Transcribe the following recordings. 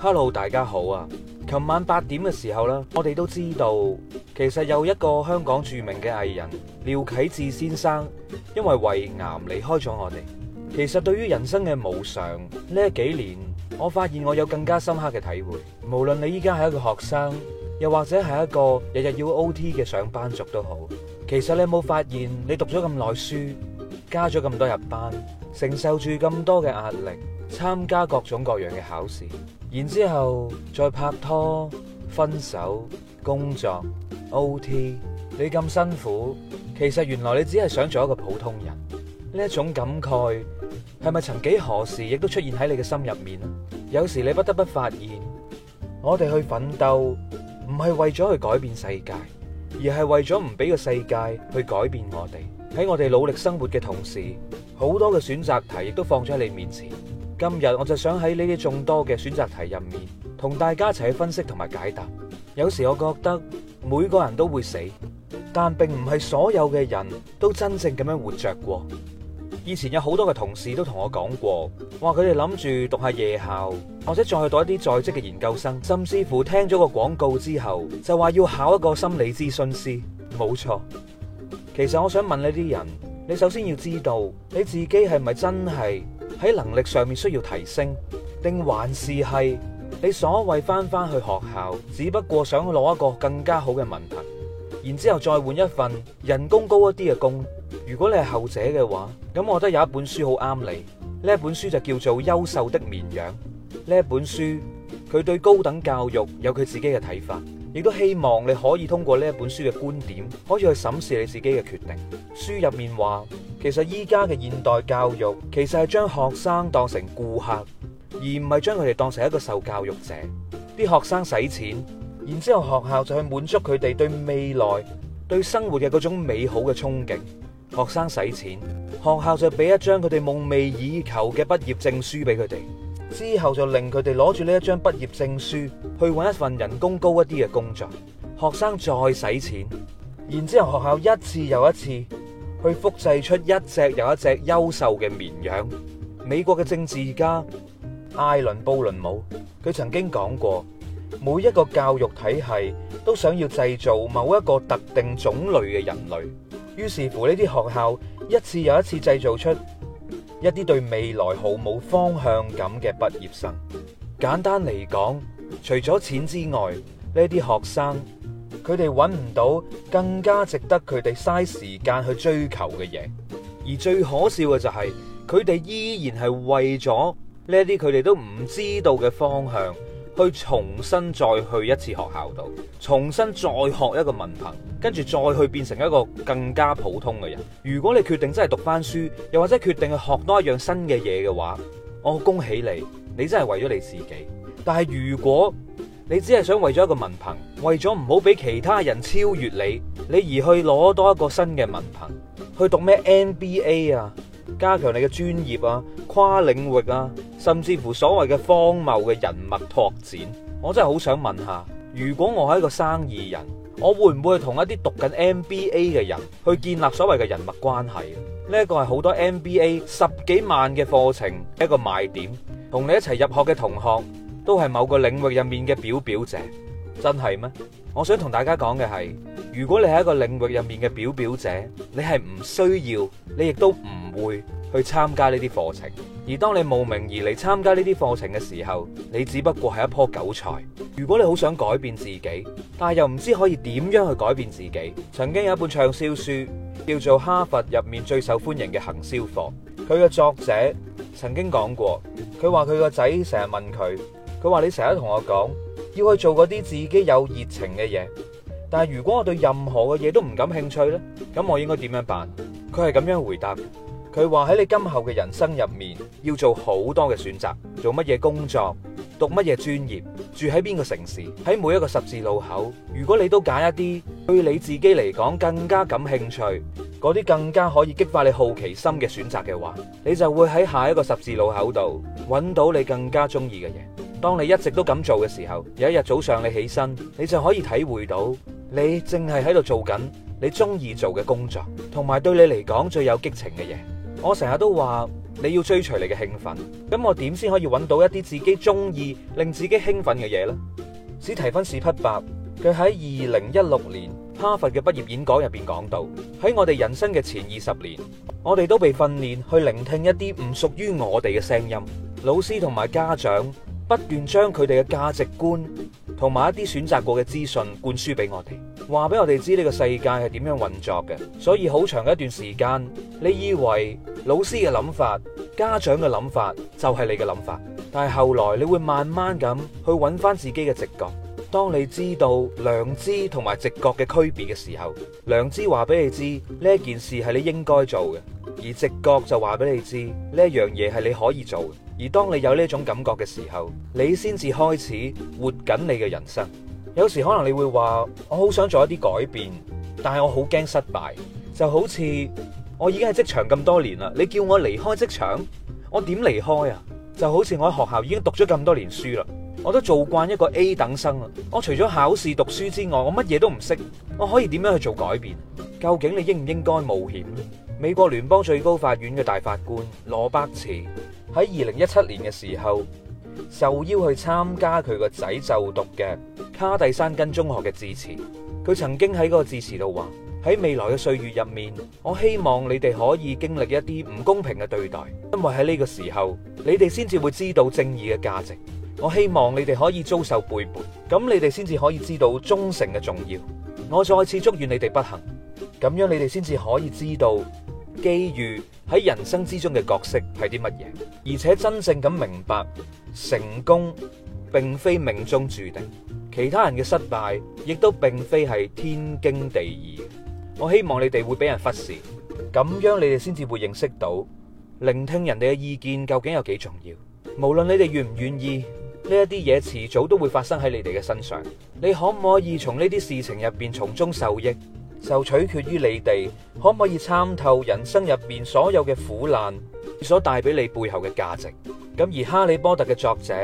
Hello，大家好啊！琴晚八點嘅時候呢，我哋都知道，其實有一個香港著名嘅藝人廖啟智先生，因為胃癌離開咗我哋。其實對於人生嘅無常，呢幾年我發現我有更加深刻嘅體會。無論你依家係一個學生，又或者係一個日日要 OT 嘅上班族都好，其實你有冇發現，你讀咗咁耐書，加咗咁多日班，承受住咁多嘅壓力，參加各種各樣嘅考試。然之後再拍拖、分手、工作、OT，你咁辛苦，其實原來你只係想做一個普通人。呢一種感慨，係咪曾幾何時亦都出現喺你嘅心入面呢？有時你不得不發現，我哋去奮鬥唔係為咗去改變世界，而係為咗唔俾個世界去改變我哋。喺我哋努力生活嘅同時，好多嘅選擇題亦都放咗喺你面前。今日我就想喺呢啲眾多嘅選擇題入面，同大家一齊分析同埋解答。有時我覺得每個人都會死，但並唔係所有嘅人都真正咁樣活着過。以前有好多嘅同事都同我講過，話佢哋諗住讀下夜校，或者再去讀一啲在職嘅研究生，甚至乎聽咗個廣告之後，就話要考一個心理諮詢師。冇錯，其實我想問你啲人，你首先要知道你自己係咪真係？喺能力上面需要提升，定還是係你所謂返返去學校，只不過想攞一個更加好嘅文憑，然之後再換一份人工高一啲嘅工。如果你係後者嘅話，咁我覺得有一本書好啱你。呢一本書就叫做《優秀的綿羊》。呢一本書佢對高等教育有佢自己嘅睇法。你都希望你可以通過呢一本書嘅觀點，可以去審視你自己嘅決定。書入面話，其實依家嘅現代教育，其實係將學生當成顧客，而唔係將佢哋當成一個受教育者。啲學生使錢，然之後學校就去滿足佢哋對未來、對生活嘅嗰種美好嘅憧憬。學生使錢，學校就俾一張佢哋夢寐以求嘅畢業證書俾佢哋。之後就令佢哋攞住呢一張畢業證書去搵一份人工高一啲嘅工作，學生再使錢，然之後學校一次又一次去複製出一隻又一隻優秀嘅綿羊。美國嘅政治家艾倫布倫姆，佢曾經講過，每一個教育體系都想要製造某一個特定種類嘅人類，於是乎呢啲學校一次又一次製造出。一啲對未來毫無方向感嘅畢業生，簡單嚟講，除咗錢之外，呢啲學生佢哋揾唔到更加值得佢哋嘥時間去追求嘅嘢，而最可笑嘅就係佢哋依然係為咗呢啲佢哋都唔知道嘅方向。去重新再去一次學校度，重新再學一個文憑，跟住再去變成一個更加普通嘅人。如果你決定真係讀翻書，又或者決定去學多一樣新嘅嘢嘅話，我恭喜你，你真係為咗你自己。但係如果你只係想為咗一個文憑，為咗唔好俾其他人超越你，你而去攞多一個新嘅文憑去讀咩 NBA 啊？加強你嘅專業啊，跨領域啊，甚至乎所謂嘅荒謬嘅人脈拓展，我真係好想問下，如果我係一個生意人，我會唔會同一啲讀緊 MBA 嘅人去建立所謂嘅人脈關係？呢一個係好多 MBA 十幾萬嘅課程一個賣點，同你一齊入學嘅同學都係某個領域入面嘅表表姐，真係咩？我想同大家講嘅係。如果你係一個領域入面嘅表表者，你係唔需要，你亦都唔會去參加呢啲課程。而當你慕名而嚟參加呢啲課程嘅時候，你只不過係一樖韭菜。如果你好想改變自己，但係又唔知可以點樣去改變自己，曾經有一本暢銷書叫做《哈佛入面最受歡迎嘅行銷課》，佢嘅作者曾經講過，佢話佢個仔成日問佢，佢話你成日同我講要去做嗰啲自己有熱情嘅嘢。但係如果我對任何嘅嘢都唔感興趣呢，咁我應該點樣辦？佢係咁樣回答。佢話喺你今後嘅人生入面，要做好多嘅選擇，做乜嘢工作，讀乜嘢專業，住喺邊個城市，喺每一個十字路口，如果你都揀一啲對你自己嚟講更加感興趣，嗰啲更加可以激發你好奇心嘅選擇嘅話，你就會喺下一個十字路口度揾到你更加中意嘅嘢。當你一直都咁做嘅時候，有一日早上你起身，你就可以體會到。你淨係喺度做緊你中意做嘅工作，同埋對你嚟講最有激情嘅嘢。我成日都話你要追隨你嘅興奮，咁我點先可以揾到一啲自己中意、令自己興奮嘅嘢呢？史提芬·史匹伯，佢喺二零一六年哈佛嘅畢業演講入邊講到：喺我哋人生嘅前二十年，我哋都被訓練去聆聽一啲唔屬於我哋嘅聲音，老師同埋家長不斷將佢哋嘅價值觀。同埋一啲選擇過嘅資訊灌輸俾我哋，話俾我哋知呢個世界係點樣運作嘅。所以好長一段時間，你以為老師嘅諗法、家長嘅諗法就係你嘅諗法。但係後來你會慢慢咁去揾翻自己嘅直覺。當你知道良知同埋直覺嘅區別嘅時候，良知話俾你知呢一件事係你應該做嘅，而直覺就話俾你知呢一樣嘢係你可以做嘅。而當你有呢種感覺嘅時候，你先至開始活緊你嘅人生。有時可能你會話：我好想做一啲改變，但係我好驚失敗。就好似我已經喺職場咁多年啦，你叫我離開職場，我點離開啊？就好似我喺學校已經讀咗咁多年書啦，我都做慣一個 A 等生啦。我除咗考試讀書之外，我乜嘢都唔識。我可以點樣去做改變？究竟你應唔應該冒險？美國聯邦最高法院嘅大法官羅伯茨。喺二零一七年嘅時候，受邀去參加佢個仔就讀嘅卡蒂山根中學嘅致辭。佢曾經喺嗰個致辭度話：喺未來嘅歲月入面，我希望你哋可以經歷一啲唔公平嘅對待，因為喺呢個時候，你哋先至會知道正義嘅價值。我希望你哋可以遭受背叛，咁你哋先至可以知道忠誠嘅重要。我再次祝願你哋不幸，咁樣你哋先至可以知道。機遇喺人生之中嘅角色係啲乜嘢？而且真正咁明白，成功並非命中注定，其他人嘅失敗亦都並非係天經地義。我希望你哋會俾人忽視，咁樣你哋先至會認識到，聆聽人哋嘅意見究竟有幾重要。無論你哋願唔願意，呢一啲嘢遲早都會發生喺你哋嘅身上。你可唔可以從呢啲事情入邊從中受益？就取決於你哋可唔可以參透人生入面所有嘅苦難所帶俾你背後嘅價值。咁而《哈利波特》嘅作者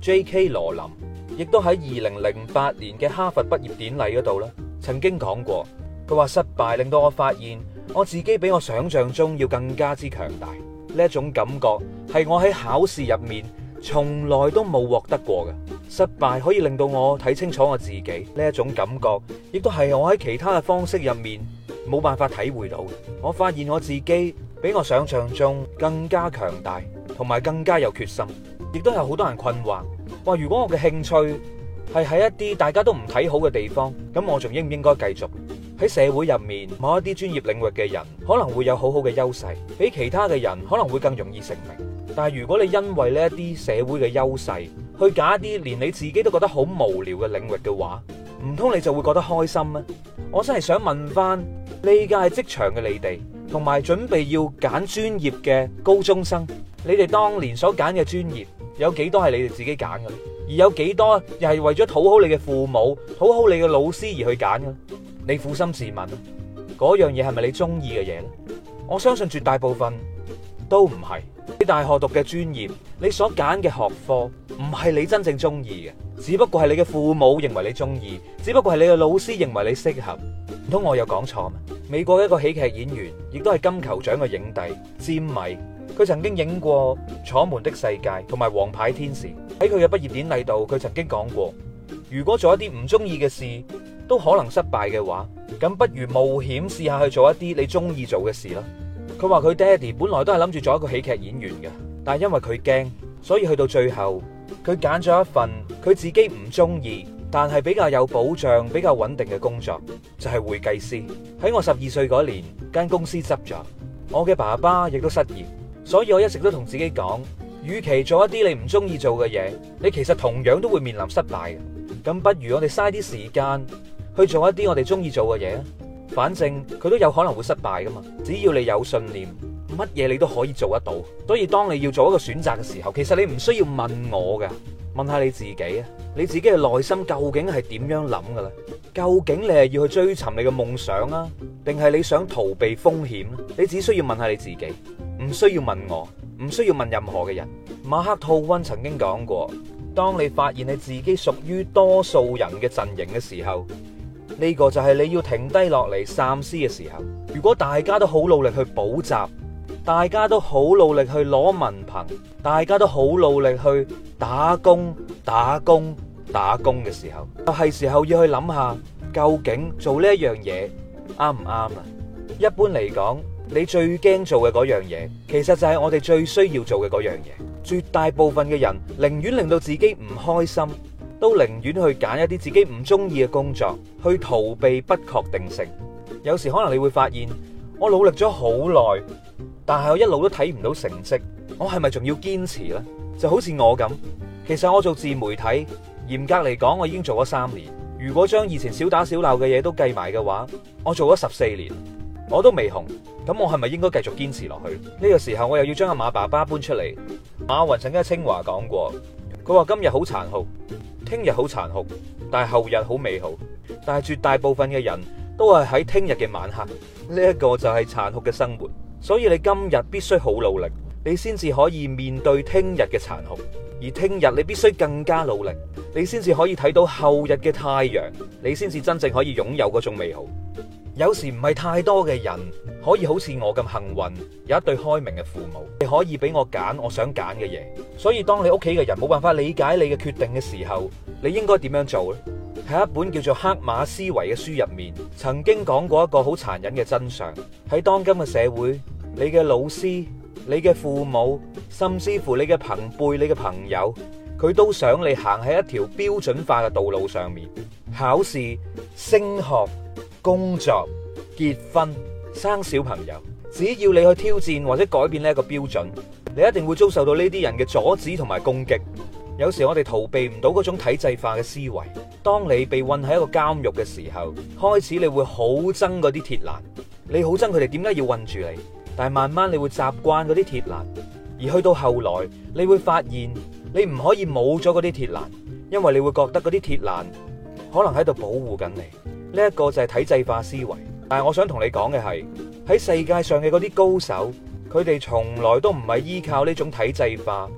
J.K. 羅琳，亦都喺二零零八年嘅哈佛畢業典禮嗰度咧，曾經講過，佢話，失敗令到我發現我自己比我想象中要更加之強大。呢一種感覺係我喺考試入面。從來都冇獲得過嘅失敗，可以令到我睇清楚我自己，呢一種感覺，亦都係我喺其他嘅方式入面冇辦法體會到嘅。我發現我自己比我想象中更加強大，同埋更加有決心。亦都有好多人困惑，話如果我嘅興趣係喺一啲大家都唔睇好嘅地方，咁我仲應唔應該繼續？喺社會入面，某一啲專業領域嘅人，可能會有好好嘅優勢，比其他嘅人可能會更容易成名。但係如果你因為呢一啲社會嘅優勢去揀一啲連你自己都覺得好無聊嘅領域嘅話，唔通你就會覺得開心咩？我真係想問翻呢家係職場嘅你哋，同埋準備要揀專業嘅高中生，你哋當年所揀嘅專業有幾多係你哋自己揀嘅？而有幾多又係為咗討好你嘅父母、討好你嘅老師而去揀嘅？你負心自問咯，嗰樣嘢係咪你中意嘅嘢呢？我相信絕大部分。都唔係，你大學讀嘅專業，你所揀嘅學科，唔係你真正中意嘅，只不過係你嘅父母認為你中意，只不過係你嘅老師認為你適合。唔通我有講錯嗎？美國一個喜劇演員，亦都係金球獎嘅影帝，詹米，佢曾經影過《楚門的世界》同埋《王牌天使》。喺佢嘅畢業典禮度，佢曾經講過，如果做一啲唔中意嘅事都可能失敗嘅話，咁不如冒險試下去做一啲你中意做嘅事啦。佢話佢爹哋本來都係諗住做一個喜劇演員嘅，但係因為佢驚，所以去到最後佢揀咗一份佢自己唔中意，但係比較有保障、比較穩定嘅工作，就係會計師。喺我十二歲嗰年，間公司執咗，我嘅爸爸亦都失業，所以我一直都同自己講，與其做一啲你唔中意做嘅嘢，你其實同樣都會面臨失敗嘅。咁不如我哋嘥啲時間去做一啲我哋中意做嘅嘢啊！反正佢都有可能會失敗噶嘛，只要你有信念，乜嘢你都可以做得到。所以當你要做一個選擇嘅時候，其實你唔需要問我噶，問下你自己啊，你自己嘅內心究竟係點樣諗噶咧？究竟你係要去追尋你嘅夢想啊，定係你想逃避風險啊？你只需要問下你自己，唔需要問我，唔需要問任何嘅人。馬克吐温曾經講過，當你發現你自己屬於多數人嘅陣營嘅時候。呢個就係你要停低落嚟，三思嘅時候。如果大家都好努力去補習，大家都好努力去攞文憑，大家都好努力去打工、打工、打工嘅時候，就係時候要去諗下究竟做呢一樣嘢啱唔啱啦。一般嚟講，你最驚做嘅嗰樣嘢，其實就係我哋最需要做嘅嗰樣嘢。絕大部分嘅人寧願令到自己唔開心。都寧願去揀一啲自己唔中意嘅工作，去逃避不確定性。有時可能你會發現，我努力咗好耐，但係我一路都睇唔到成績，我係咪仲要堅持呢？就好似我咁，其實我做自媒體，嚴格嚟講，我已經做咗三年。如果將以前小打小鬧嘅嘢都計埋嘅話，我做咗十四年，我都未紅，咁我係咪應該繼續堅持落去？呢個時候我又要將阿馬爸爸搬出嚟。馬雲曾經喺清華講過，佢話今日好殘酷。聽日好殘酷，但係後日好美好，但係絕大部分嘅人都係喺聽日嘅晚黑，呢一個就係殘酷嘅生活。所以你今日必須好努力，你先至可以面對聽日嘅殘酷；而聽日你必須更加努力，你先至可以睇到後日嘅太陽，你先至真正可以擁有嗰種美好。有時唔係太多嘅人可以好似我咁幸運，有一對開明嘅父母，你可以俾我揀我想揀嘅嘢。所以當你屋企嘅人冇辦法理解你嘅決定嘅時候，你應該點樣做咧？喺一本叫做《黑馬思維》嘅書入面，曾經講過一個好殘忍嘅真相：喺當今嘅社會，你嘅老師、你嘅父母，甚至乎你嘅朋輩、你嘅朋友，佢都想你行喺一條標準化嘅道路上面，考試升學。工作、結婚、生小朋友，只要你去挑戰或者改變呢個標準，你一定會遭受到呢啲人嘅阻止同埋攻擊。有時我哋逃避唔到嗰種體制化嘅思維。當你被困喺一個監獄嘅時候，開始你會好憎嗰啲鐵欄，你好憎佢哋點解要困住你。但係慢慢你會習慣嗰啲鐵欄，而去到後來，你會發現你唔可以冇咗嗰啲鐵欄，因為你會覺得嗰啲鐵欄，可能喺度保護緊你呢一個就係體制化思維，但係我想同你講嘅係喺世界上嘅嗰啲高手，佢哋從來都唔係依靠呢種體制化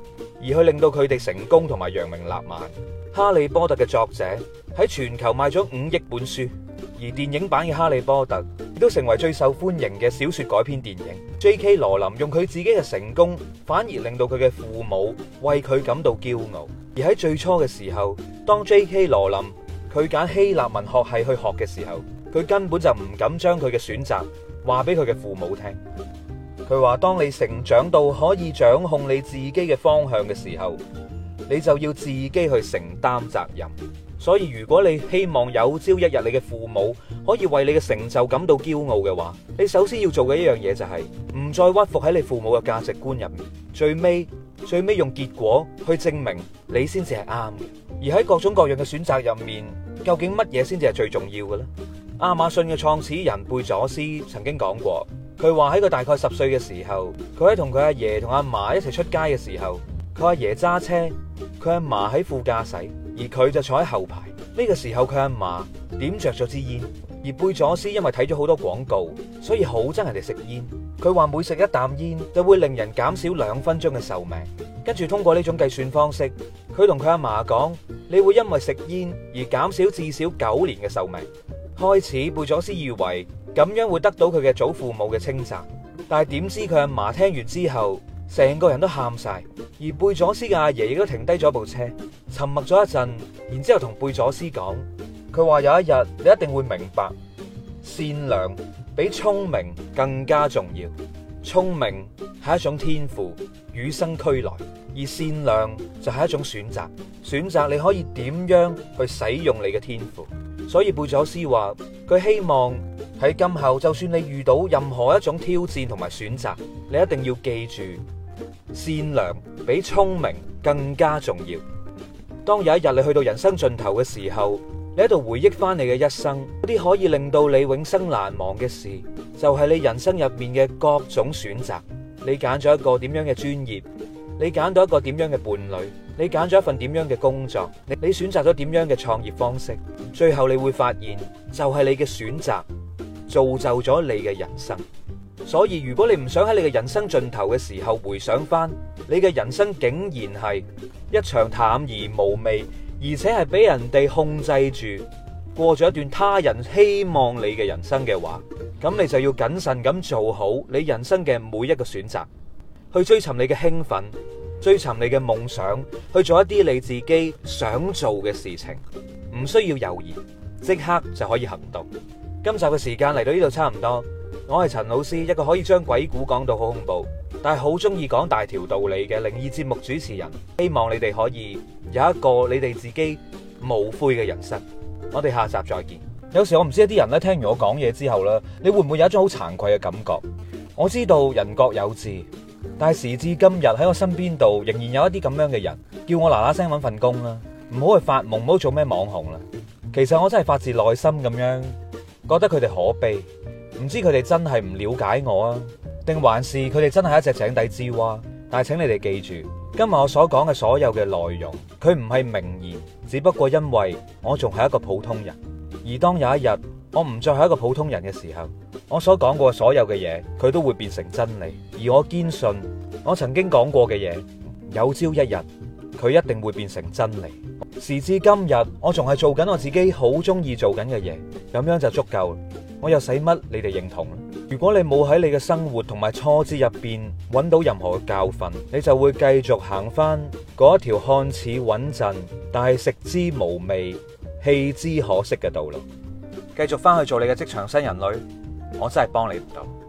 而去令到佢哋成功同埋揚名立萬。哈利波特嘅作者喺全球賣咗五億本書，而電影版嘅哈利波特亦都成為最受歡迎嘅小說改編電影。J.K. 羅琳用佢自己嘅成功，反而令到佢嘅父母為佢感到驕傲。而喺最初嘅時候，當 J.K. 羅琳。佢揀希臘文學系去學嘅時候，佢根本就唔敢將佢嘅選擇話俾佢嘅父母聽。佢話：當你成長到可以掌控你自己嘅方向嘅時候，你就要自己去承擔責任。所以，如果你希望有朝一日你嘅父母可以為你嘅成就感到驕傲嘅話，你首先要做嘅一樣嘢就係、是、唔再屈服喺你父母嘅價值觀入面。最尾最尾用結果去證明你先至係啱。而喺各種各樣嘅選擇入面，究竟乜嘢先至係最重要嘅咧？亞馬遜嘅創始人貝佐斯曾經講過，佢話喺佢大概十歲嘅時候，佢喺同佢阿爺同阿嫲一齊出街嘅時候，佢阿爺揸車，佢阿嫲喺副駕駛，而佢就坐喺後排。呢個時候佢阿嫲點着咗支煙，而貝佐斯因為睇咗好多廣告，所以好憎人哋食煙。佢話每食一啖煙就會令人減少兩分鐘嘅壽命，跟住通過呢種計算方式。佢同佢阿媽講：你會因為食煙而減少至少九年嘅壽命。開始，貝佐斯以為咁樣會得到佢嘅祖父母嘅稱讚，但係點知佢阿媽聽完之後，成個人都喊晒。而貝佐斯嘅阿爺亦都停低咗部車，沉默咗一陣，然之後同貝佐斯講：佢話有一日你一定會明白，善良比聰明更加重要。聰明係一種天賦，與生俱來。而善良就係一種選擇，選擇你可以點樣去使用你嘅天賦。所以貝佐斯話，佢希望喺今後，就算你遇到任何一種挑戰同埋選擇，你一定要記住，善良比聰明更加重要。當有一日你去到人生盡頭嘅時候，你喺度回憶翻你嘅一生，嗰啲可以令到你永生難忘嘅事，就係你人生入面嘅各種選擇，你揀咗一個點樣嘅專業。你揀到一個點樣嘅伴侶，你揀咗一份點樣嘅工作，你你選擇咗點樣嘅創業方式，最後你會發現就係你嘅選擇造就咗你嘅人生。所以如果你唔想喺你嘅人生盡頭嘅時候回想翻，你嘅人生竟然係一場淡而無味，而且係俾人哋控制住過咗一段他人希望你嘅人生嘅話，咁你就要謹慎咁做好你人生嘅每一個選擇。去追尋你嘅興奮，追尋你嘅夢想，去做一啲你自己想做嘅事情，唔需要猶豫，即刻就可以行動。今集嘅時間嚟到呢度差唔多，我係陳老師，一個可以將鬼故講到好恐怖，但係好中意講大條道理嘅靈異節目主持人。希望你哋可以有一個你哋自己無悔嘅人生。我哋下集再見。有時我唔知一啲人咧，聽完我講嘢之後咧，你會唔會有一種好慚愧嘅感覺？我知道人各有志。但係時至今日喺我身邊度仍然有一啲咁樣嘅人，叫我嗱嗱聲揾份工啦，唔好去發夢，唔好做咩網紅啦。其實我真係發自內心咁樣覺得佢哋可悲，唔知佢哋真係唔了解我啊，定還是佢哋真係一隻井底之蛙？但係請你哋記住，今日我所講嘅所有嘅內容，佢唔係名言，只不過因為我仲係一個普通人。而當有一日我唔再係一個普通人嘅時候。我所講過所有嘅嘢，佢都會變成真理。而我堅信，我曾經講過嘅嘢，有朝一日佢一定會變成真理。時至今日，我仲係做緊我自己好中意做緊嘅嘢，咁樣就足夠。我又使乜你哋認同呢？如果你冇喺你嘅生活同埋挫折入邊揾到任何嘅教訓，你就會繼續行翻嗰條看似穩陣，但係食之無味、棄之可惜嘅道路，繼續翻去做你嘅職場新人類。我真係幫你唔到。